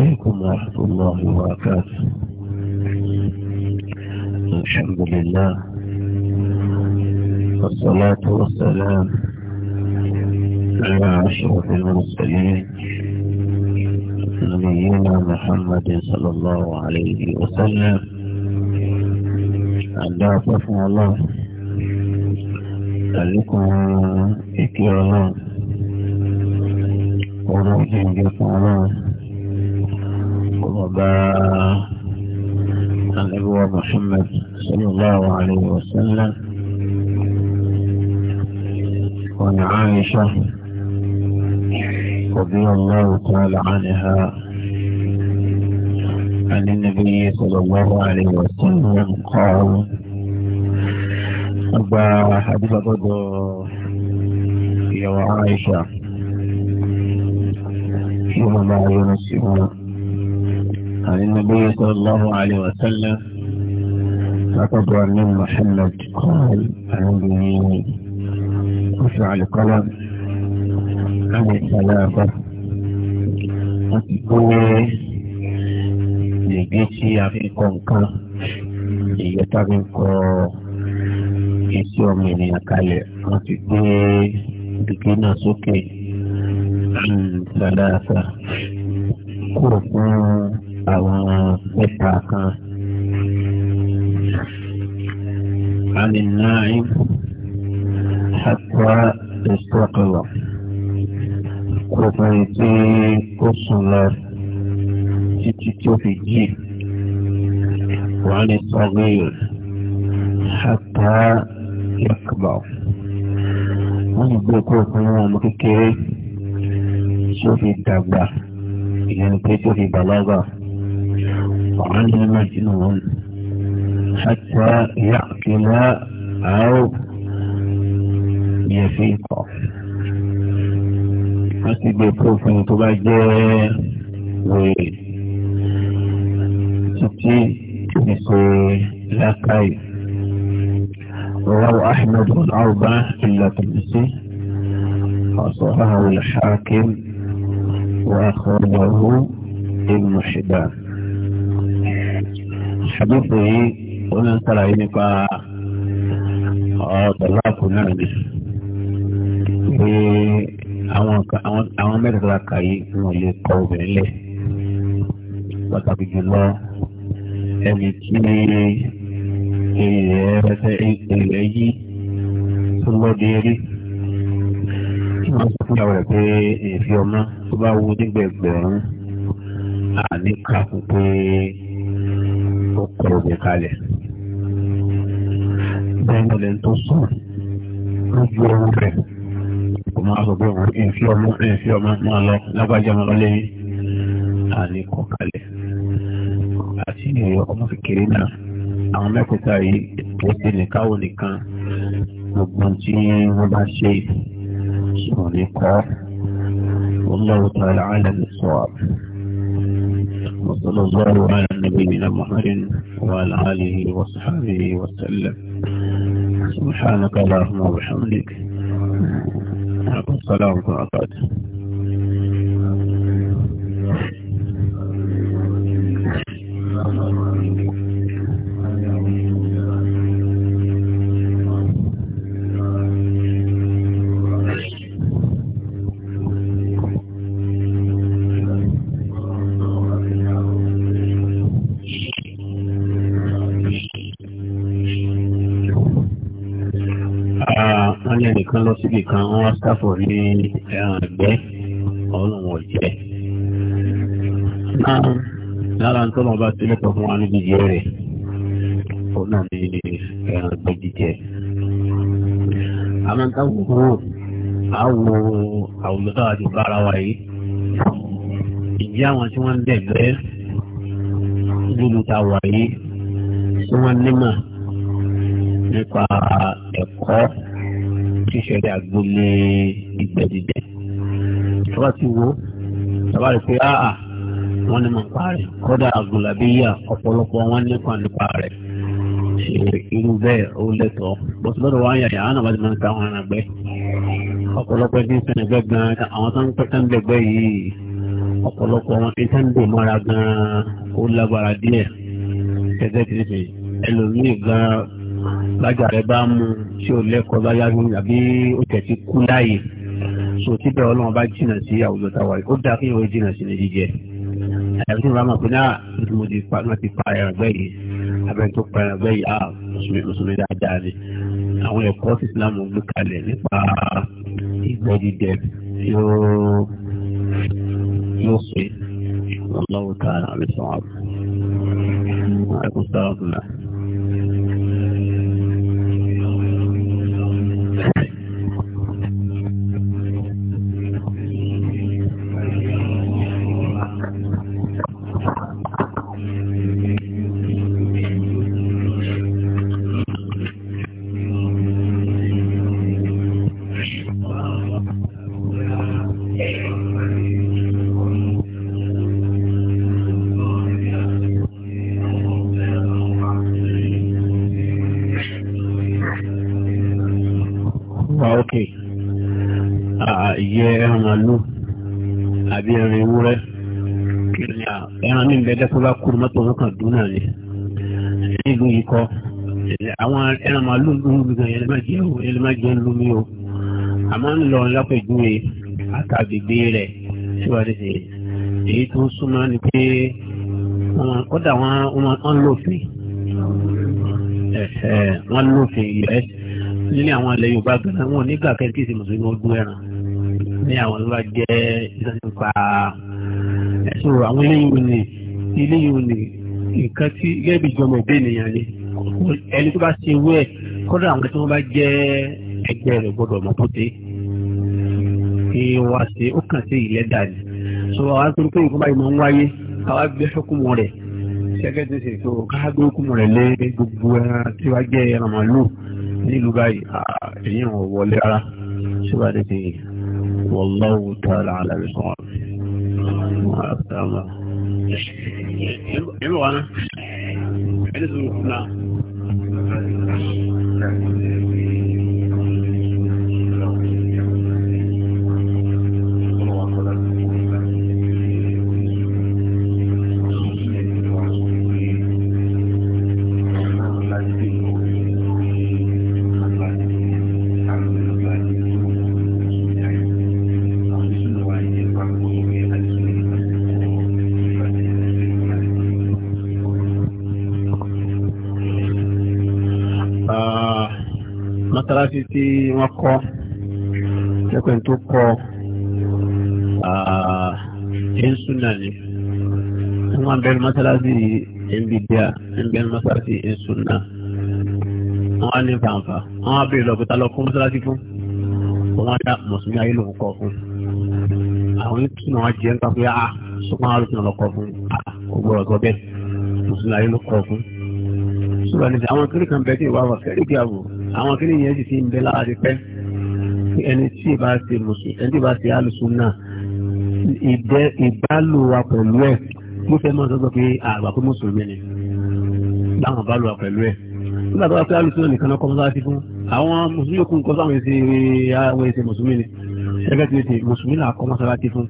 عليكم ورحمة الله وبركاته الحمد لله والصلاة والسلام على أشرف المرسلين نبينا محمد صلى الله عليه وسلم عند أطفنا الله عليكم إكرام ورحمة الله أبو محمد صلى الله عليه وسلم وعن عائشة رضي الله تعالى عنها عن النبي صلى الله عليه وسلم قال أبا حديث أبدو يا عائشة يوم لا يونس النبي صلى الله عليه وسلم فقد من محمد قال عندي رفع القلم عن الثلاثة أتقول لجيتي أفيكم كان يتابعكم iṣẹ́ ọmọ ènìyàn kalẹ̀ wọ́n ti gbé gègé náà sókè ṣàdáàṣà àwọn mẹ́ta kan. عن الناعم حتى يستيقظ kòtò ètè kó sùn lọ títí tí ó fi jí wà ní sọgbẹ́yò ṣàtà yàkùbà wọ́n ní gbé kó fún ọmọ kékeré tí ó fi dàgbà ìyẹn pé tí fi bàlágà. على مجنون حتى يعقل أو يفيق láti gbé في tó bá jẹ́ wèrè títí ìṣe أحمد الاربع إلا تبسي وصححه الحاكم وأخرجه ابن حبان ṣàbíkò yìí ó ń sàlàyé nípa ọ̀rọ̀ tọ́láàkù náà ni pé àwọn mẹ́tẹ̀ẹ̀ta kà yìí ni wọ́n lè kọ obìnrin lẹ̀ pàtàkì jùlọ ẹni tí ilẹ̀ rẹ̀ ilẹ̀ yìí tó lọ́dẹ rí wọ́n sọ fún ìyàwó rẹ̀ pé èéfì ọmọ tó bá wú nígbẹ̀gbẹ̀rún àníkà fún pé tó kọ omi kalẹ̀ bẹ́ẹ̀ni tó sùn lójú ọmọ rẹ̀ kò máa sọ pé òun ìfi ọmọ ìfi ọmọ máa lọ lágbájá máa lọ lẹ́yìn àní kọ kalẹ̀ àti ọmọ kékeré náà àwọn mẹ́kúta yìí ó ti nìkáwò nìkan gbogbo tí wọ́n bá ṣe sọ̀rọ̀ nìkan wọ́n lọ́wọ́ tó ara àlẹ́ nìkan. وصلى الله على نبينا محمد وعلى آله وصحبه وسلم سبحانك اللهم وبحمدك السلام عليكم káfọ̀ ní ẹran ìgbẹ́ ọ̀run wọ̀ jẹ́. lára ń tọ́lọ̀ bá sílẹ̀ pọ̀ fún wa níbi jẹ́ rẹ̀ ó náà ní ẹran ìgbẹ́ jíjẹ. àwọn táwọn kúrò àwọ àwùjọ àti bára wa yìí ìjẹ́ àwọn tí wọ́n ń dẹ̀gbẹ́ lólu ta wà yìí tí wọ́n nímọ̀ nípa ẹ̀kọ́ tí ṣẹ̀rí àgbélé ìgbẹ̀dìdẹ̀. Tọ́ba ti wo, tọ́ba rẹ̀ pé áà wọ́n ní mọ̀ nípa rẹ̀. Kọ́dà àgùlàbíyà ọ̀pọ̀lọpọ̀ wọn nípa nípa rẹ̀. Ṣé irú bẹ́ẹ̀ ó lẹ́tọ̀ọ́? Bọ́sù lọ́dọ̀ wá ń yàyà, àwọn àbájá máa ń ta àwọn àgbẹ̀. Ọ̀pọ̀lọpọ̀ ẹni sẹ́ni gbẹ́ gan-an, àwọn tó ń pẹ́ sẹ́ńdẹ̀gbẹ́ yìí, ọ̀pọ̀lọpọ̀ wọn ní sẹ́ńdẹ̀ mọ́ra gan-an ó lágbára díẹ̀. Gẹ́gẹ́ ti ṣe ẹlòmíì gan bájà rẹ bá mú tí ó lẹ́kọ̀ọ́ bá yá lóyún àbí ó tẹ̀ ti kú láàyè so síbẹ̀ ọlọ́run bá jìnnà sí àwùjọ táwa ó dáa kí ìwé jìnnà sí ní jíjẹ àyàfi tí mo bá máa pe náà mo ti pa náà ti pa ẹran gbẹ́ yìí abẹ́rẹ́ tó pa ẹran gbẹ́ yìí ah mùsùlùmí mùsùlùmí dáadáa ni àwọn ẹ̀kọ́ sí ìsìlámù gbé kalẹ̀ nípa ìgbẹ́ dídẹ yóò yóò pé ọlọ́run tààrà àbí sọ̀rọ̀ àbúrò àìkú sáà ọ̀dùnà. ẹlẹ́dẹ́ tó bá kúrú mọ́tò wọn kàn dún náà ni nílùú yìí kọ́ àwọn ẹran màálù ń lómi gan ẹlẹ́màjẹ́ o ẹlẹ́màjẹ́ ń lómi o àmọ́ ń lọ lápẹ̀júwe àtàgbègbè rẹ̀ síwájú sí èyí tó ń ni pé kódà wọ́n lófin wọ́n lófin us nílé àwọn ilẹ̀ Yorùbá gan wọn nígbà kẹ́kẹ́ sí mùsùlùmí ọdún ẹran ní àwọn ló bá jẹ́ ìsọ̀tún pa ẹ̀sùn àwọn eléyìí ni eléyìí ni nǹkan tí gẹ́gẹ́ bí ìjọmọ̀ ìbé ènìyàn ni ẹni tó bá ṣe ewé ẹ̀ kọ́dọ̀ àwọn tí wọ́n bá jẹ́ ẹgbẹ́ rẹ̀ gbọ́dọ̀ mọ̀ tó dé kí wọ́n ṣe ó kàn sí ilẹ̀ dàní so àwọn akérò pé nǹkan báyìí máa ń wáyé àwọn agbẹ́ fẹ́kùnmọ́ rẹ̀ ṣẹ́gẹ́dẹ́ ṣe tó káàgbé fẹ́kùnmọ́ rẹ̀ lé gbogbo ẹran tí wọ́n jẹ́ ẹran nílùú báyìí èyí ò wọlé rárá ẹ bọ̀ wá náà ẹ ní mọ́sálásí tí wọ́n kọ́ lẹ́pẹ̀ẹ́ tó kọ́ ẹ̀ńsúnà ni wọ́n bẹ̀rẹ̀ mọ́sálásí ẹ̀ńbídíà ẹ̀ńbẹ̀rẹ̀ mọ́sálásí ẹ̀ńsúnà wọ́n á ní fàǹfà wọ́n á bèèrè lọ́pẹ́ta lọ fún mọ́sálásí fún wọ́n á dá mùsùlùmí ayé lòun kọ́ fún àwọn ìtumọ̀ wọn jẹ́ nípa pé a ah, sọ́kàn àrùn lọ́kọ̀ fún ah, kò gbọ́dọ̀ sọ bẹ́ẹ̀ mùsùlùmí ayé ló kọ́ fún. sọ́kàn ní àwọn kiri kan bẹ́ẹ̀ kí ìwà wà fẹ́ẹ́ rí bí àwọ̀ àwọn kí nìyẹn sì ti ń bẹ lára rẹ pẹ́ ẹni tí ìbá ṣe mùsùlùmí ẹni tí ìbá ṣe alùsùn náà ìbálò wa pẹ̀lú ẹ̀ ló fẹ́ máa sọ́gbọ́ pé àgbà pé mùsùlùmí ni láwọn bá lò wa pẹ̀lú ẹ̀ nígbà tó wá pé alùsùn náà nìkan náà kọ́ mọ́sáàtì fún àwọn mùsùlùmí kún kọ́ sáwọn èsì àwọn èsì mùsùlùmí ni ẹgbẹ́ ti ti mùsùlùmí là kọ́ mọ́sáàtì fún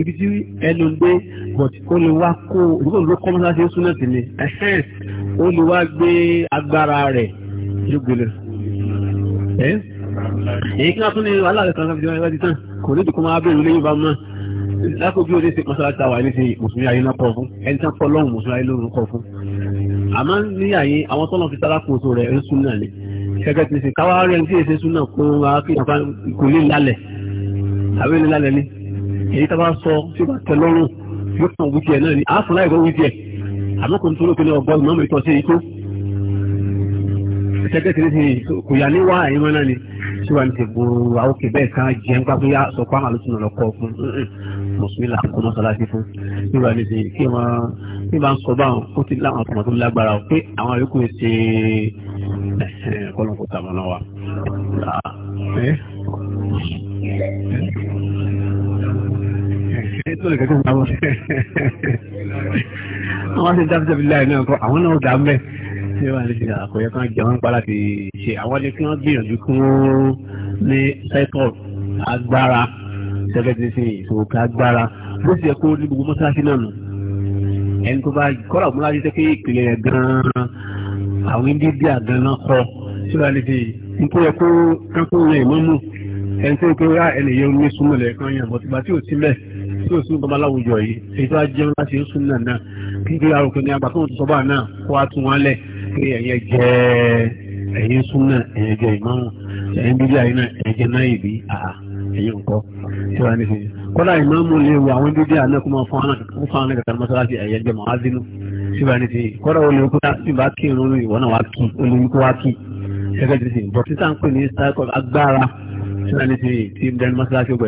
ibi tí ẹnu gbé but ó lè wá kó ìdúgbò ló kọ́ mọ́sáàtì sún náà sí ni ó lè wá gbé agbára rẹ̀ yóò gbélé ẹ́ èyí kí wọ́n tún ní aláàrẹ kan sáfìdí wáyé tán kò ní dùkú máa bẹ̀rù lẹ́yìn bá mọ́ lákòójú òde ṣe mọ́sálásí àwà ní ti mùsùlùmí ayé náà kọ̀ fún ẹni tán kọ́ lọ́hùn mùsùlùmí ayé lóru kọ̀ fún àmọ́ ní àyè àwọn tọ́lọ̀ fi sára kóso rẹ̀ ń sún náà ni gẹ́gẹ́ ti ṣe káwá rẹ̀ ń tíyèsí sún náà kó wa kí nǹkan kò ní lálẹ̀ àwé ní lálẹ̀ ni èyí tá a bá sọ tí ó bá tẹ lọ́rùn yóò kàn wíjẹ náà ni àáfọ̀ láì gbọ́ wíjẹ àmọ́ kò ní tó lópin ọgbọ́n ìmọ̀ mi tọ́ sí ikú tẹ́tẹ́ tẹ́lẹ̀ sí kò yà ní wá àyínmọ́ náà ni tí wàá ní ti gbòòrò àwọn òkè bẹ́ẹ̀ kan jẹ́ ń pápẹ́ sọ pé àwọn àlùsùn lọ kọ́ fún mùsùlùmí là kó mọ́sálásí fún tí wàá ní ti kí wọ́n kí wọ́n sọ bá wọn ó ti láwọn àtọ̀mọ̀ tó lágbára pé àwọn àríkù ṣe kọ́lọ́kù tàmọ́ náà wà. Àwọn ti dábìtẹ́bí láì náà kọ́ àwọn náà dá mẹ́ tí wọ́n lè ṣe àkọyẹ kan jẹ wọ́n ń pa láti ṣe àwọn ní kí wọ́n gbìyànjú kí wọ́n ní sẹ́kọ̀ agbára sẹ́kẹ̀tì sí ìṣòro ká agbára bó ti yẹ kó ní gbogbo mọ́ṣáláṣí náà nù ẹni tó bá kọ́ra òun láti sẹ́kẹ̀ ìpìlẹ̀ rẹ̀ gan-an àwọn india gan-an kọ́ tí wọ́n lè ṣe nípa yẹ kó kánkó yẹn ìmọ̀mù ẹni tó kó rá ẹni yẹn ní súnmọ́ lẹ̀ kan yẹn bọ̀tìgbà tí ò ti mẹ́ tí yìí èyí tó á jẹun láti ń sún náà náà kí n kí arúgbó ní agbákan tó sọ náà kó a tún wọn lẹ̀ pé ẹ̀yẹ jẹ́ ẹ̀yẹ súnà ẹ̀yẹ jẹ́ ìmáàmù ẹ̀yẹ bíbí àyè náà ẹ̀yẹ jẹ́ náà ìbí àhà ẹ̀yẹ nǹkọ́ tí wàá ní fi kọ́dà ìmáàmù lè wo àwọn bíbí àná kó máa fún àwọn kankan mọ́sálásí ẹ̀yẹ jẹ́ mọ́ ádínú tí wàá ní fi kọ́dà olè òkúta tí bá kí irun ìwọ náà wá kí olè ikú wá kí ẹgbẹ́ ti sìn bọ̀ títà ń pè ní cycle agbára tí wàá ní tí bẹ́ẹ̀ mọ́sálásí ó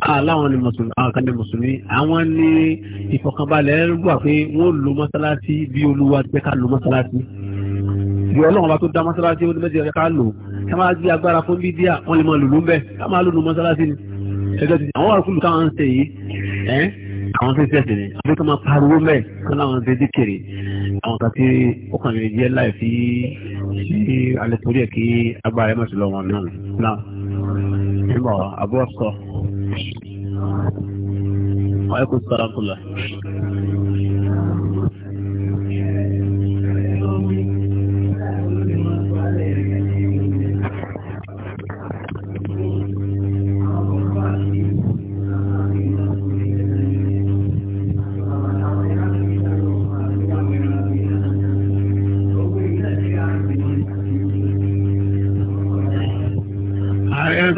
aláwọn ni mùsùlùmí àwọn kan ní mùsùlùmí àwọn ní ìfọ̀kànbalẹ̀ wà pé wọ́n lo mọ́sálásí bí olúwa ti ká lo mọ́sálásí bí ọlọ́run bá tó dá mọ́sálásí ó ní mẹ́jọ ká lò ká máa gbé agbára fún bídíà wọ́n lè máa lò ló ń bẹ̀ ká máa lò lo mọ́sálásí ni ẹgbẹ́ ti àwọn àkúlù káwọn ń ṣe yìí ẹ́ àwọn tó ń ṣẹ̀ṣẹ̀ ni àbí ká máa pariwo mẹ́ kán láwọn ṣe díkèrè àwọn kan tí ó kàn lè jẹ́ láì fi sí alẹ́ torí ẹ̀ kí agbára ẹ̀ mọ̀ sí lọ́wọ́ náà náà nígbà àbúrò sọ. وعليكم السلام ورحمة الله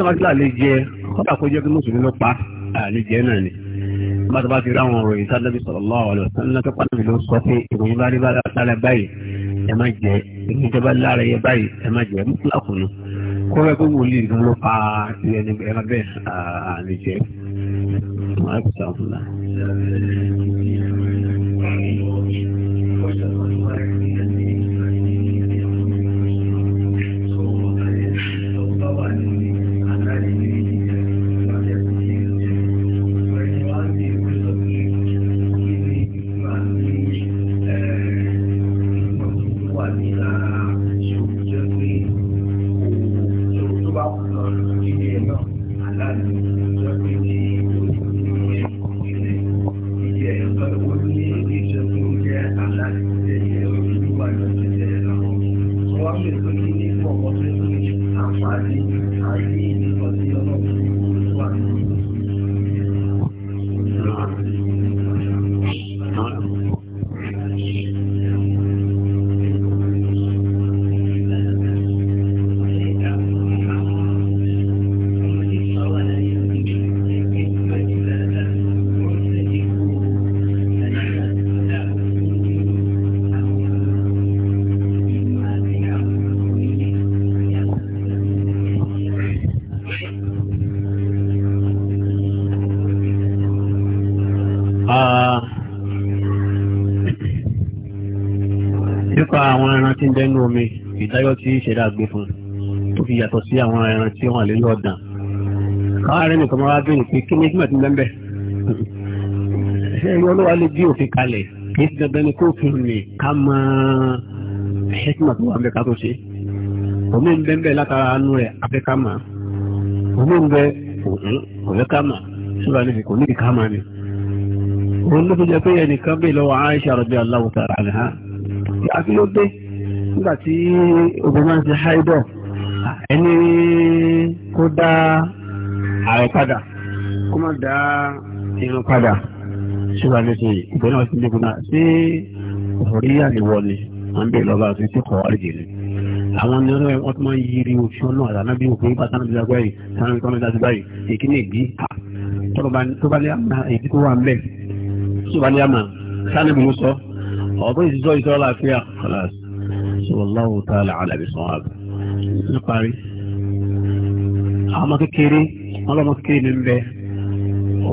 Àwọn kọ́dà kó jẹ́ kí mùsùlùmí ló pa àlejẹ́ náà ni bàtà bá ti rí àwọn ìròyìn sálábì sallallahu alaihi wasallam tó pàdánù ló sọ pé ìròyìn bá rí bá lára báyìí ẹ má jẹ ìròyìn tó bá lára yẹ báyìí ẹ má jẹ mùsùlùmí kùnú kó rẹ pé wòlíì ló ló pa ilé ẹni bẹ́ẹ̀ àlejẹ́. lórí ní fún ọkọ̀ tó ń lórí àǹfààní àti omi ìdájọ́ tí ìṣẹ̀dá gbé fún tó fi yàtọ̀ sí àwọn ẹran tí wọ́n lè yọ̀ dàn. káwọn rẹ̀ nìkan máa bẹ̀rẹ̀ pé kí ni ìgbìmọ̀ ti bẹ́ẹ̀ ṣé ẹ̀yọ́ ló wà lè gbé òfin kalẹ̀ kì í ti dandan ni kó fi rìn ká mọ ẹ̀ṣẹ́tìmọ̀ tó wà mẹ́ka tó ṣe. omi ń bẹ́ẹ̀ látara anú rẹ̀ abẹ́ká mà omi ń bẹ́ òfẹ́ká mà ṣùgbọ́n níbi kò níbi ká mà ni. òun ló fi jẹ pé ẹnìkan bẹ́ẹ̀ lọ́wọ́ Aisha radiyallahu ta'ala anha àti ló dé nígbà tí obìnrin ti haidọ̀ ẹni kó dá ààrẹ padà kó má dá irun padà ṣúgbà ní ṣe ìgbẹ́ náà sí nígbà sí òfòrí àníwọ̀ ni wọ́n bèèrè lọ́ba àti tí kọ̀ wárí jèrè àwọn ní ọlọ́run wọn tó máa ń yiri oṣù náà àdánábí òfin bá tánà bíi agbáyé tánà bíi tánà bíi báyìí èkí ní ègbí tó bá lé àmà èyí tó wà ń bẹ̀ tó bá lé àmà tánà bíi mo sọ ọ̀bọ̀n ìṣiṣọ́ ìṣọ́ láàfíà kọ̀láàsì wallahu ta'ala àlàbí sọ àbù níparí àwọn ọmọ kékeré wọn lọmọ kékeré ní bẹ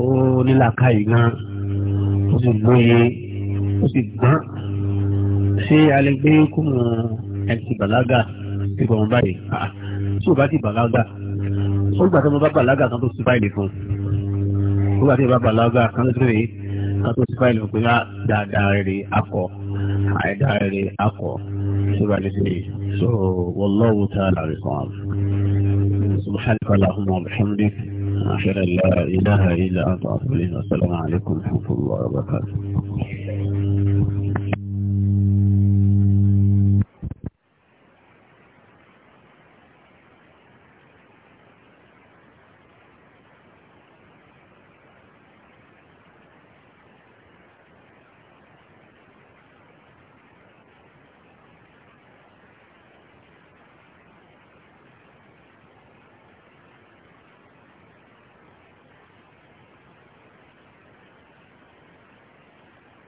ó nílàka yìí gan ó sì lóye ó sì gbọ́n ṣé alẹ́ gbé kùmù ẹ̀ ti bàlágà ti gbọ̀n báyìí tí o bá ti bàlágà ó gbà tí mo bá bàlágà kan tó ti báyìí fún ó gbà tí mo bá bàlágà kan tó ti rèé kan tó ti báyìí fún pé ah, dáadáa rèé akọ àìdáa rèé akọ. شو بعد والله تعالى عصام سبحانك اللهم وبحمدك أشهد أن لا إله إلا أنت أستغفرك السلام عليكم ورحمة الله وبركاته